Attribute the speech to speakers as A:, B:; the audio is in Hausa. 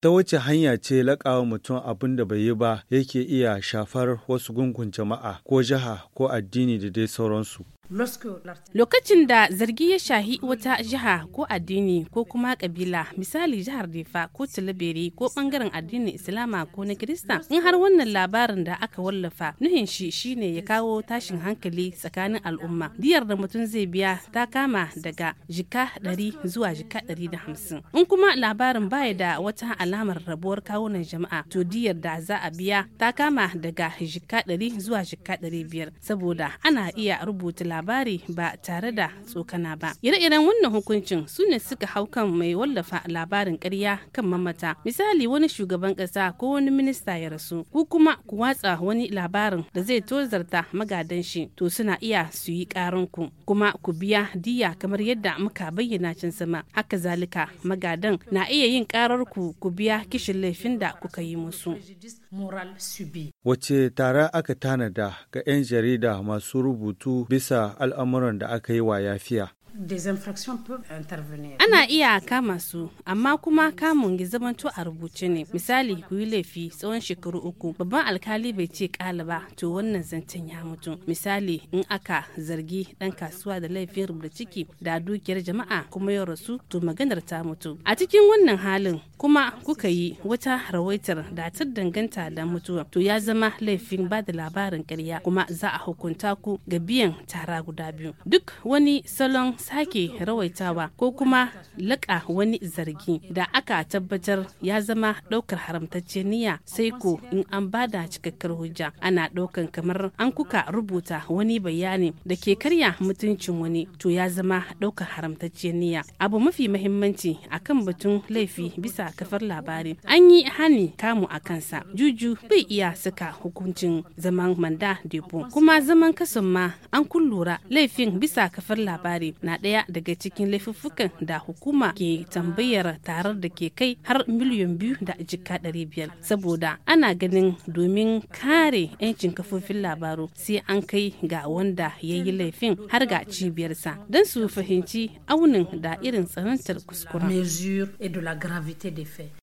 A: Ta wace hanya ce laƙawa mutum abin da bai yi ba yake iya shafar wasu gungun jama'a ko jiha ko addini da dai sauransu?
B: Lokacin da zargi ya shahi wata jiha ko addini ko kuma kabila misali jihar Defa ko Tilabere ko bangaren addinin Islama ko na Kirista in har wannan labarin da aka wallafa nuhin shi shine ya kawo tashin hankali tsakanin al'umma. Diyar da mutum zai biya ta kama daga jika 100 zuwa jika 150. In kuma labarin baya da wata alamar rabuwar kawunan jama'a to diyar da za a biya ta kama daga jika 100 zuwa jika 500 saboda ana iya rubuta labarin labari ba tare da tsokana ba ire-iren wannan hukuncin su ne suka hau kan mai wallafa labarin karya kan mamata misali wani shugaban kasa ko wani minista ya rasu ko kuma ku watsa wani labarin da zai tozarta magadan shi to suna iya su yi karin ku kuma ku biya diya kamar yadda muka bayyana can sama haka zalika magadan na iya yin karar ku ku biya kishin laifin da kuka yi musu
A: wace tara aka tanada ga 'yan jarida masu rubutu bisa al'amuran da aka yi wa yafiya.
B: Ana iya kama su, amma kuma kamun gizamanto a rubuce ne. Misali, ku yi laifi tsawon shekaru uku, babban alkali bai ce ƙala ba, to wannan zancen ya mutu. Misali, in aka zargi ɗan kasuwa da laifin rubuta ciki da dukiyar jama'a kuma ya rasu, to maganar ta mutu. A cikin wannan halin, kuma kuka yi wata rawaitar da ta danganta da mutuwa, to ya zama laifin ba da labarin karya kuma za a hukunta ku ga biyan tara guda biyu. Duk wani salon sake rawaitawa ko kuma laƙa wani zargi da aka tabbatar ya zama ɗaukar haramtacce niyya sai ko in an bada cikakkar hujja ana ɗaukan kamar an kuka rubuta wani bayani da ke karya mutuncin wani to ya zama ɗaukar haramtacce niyya abu mafi mahimmanci akan batun laifi bisa kafar labari an yi hani kamu a kansa juju bai iya saka hukuncin zaman manda depo kuma zaman kasan ma an kullura laifin bisa kafar labari na ɗaya daga cikin laifuffukan da hukuma ke tambayar tarar da ke kai har miliyan biyu da jika ɗari biyar saboda ana ganin domin kare 'yancin kafofin labaru sai an kai ga wanda ya yi laifin har ga cibiyarsa don su fahimci aunin da irin tsanantar kuskuren.